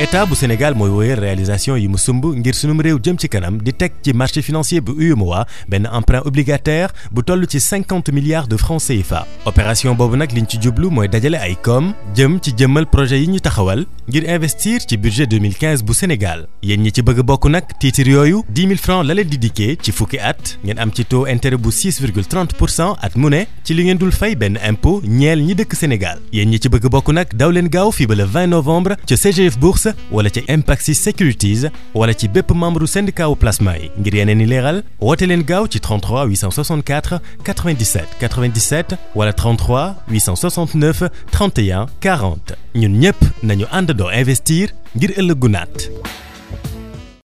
état bu Sénégal mooy wóyal réalisation yi mu sumb ngir sunum réew jëm ci kanam di teg ci marché financier bu UEMOA benn emprunt obligataire bu toll ci cinquante milliards de francs CFA. opération boobu nag liñ ci jublu mooy dajale ay koom jëm ci jëmmal projet yi ñu taxawal ngir investir ci budget 2015 bu Sénégal yen ñi ci bëgg bokk nag titre yooyu 10 000 francs la leen di dikkee ci fukki at ngeen am ci taux intérêt bu 6 virgule pour cent at mu ne ci li ngeen dul fay benn impôt ñeel ñi dëkk Sénégal yéen ñi ci bëgg bokk nag daw leen gaaw fii ba le wala ci impact Impaxis Securities wala ci bépp membre syndicat wu plasma yi ngir yeneen i leeral woote leen gaaw ci 33 864 97 97 wala 33 869 31 40 ñun ñëpp nañu àndandoo investir ngir ëllëgu naat.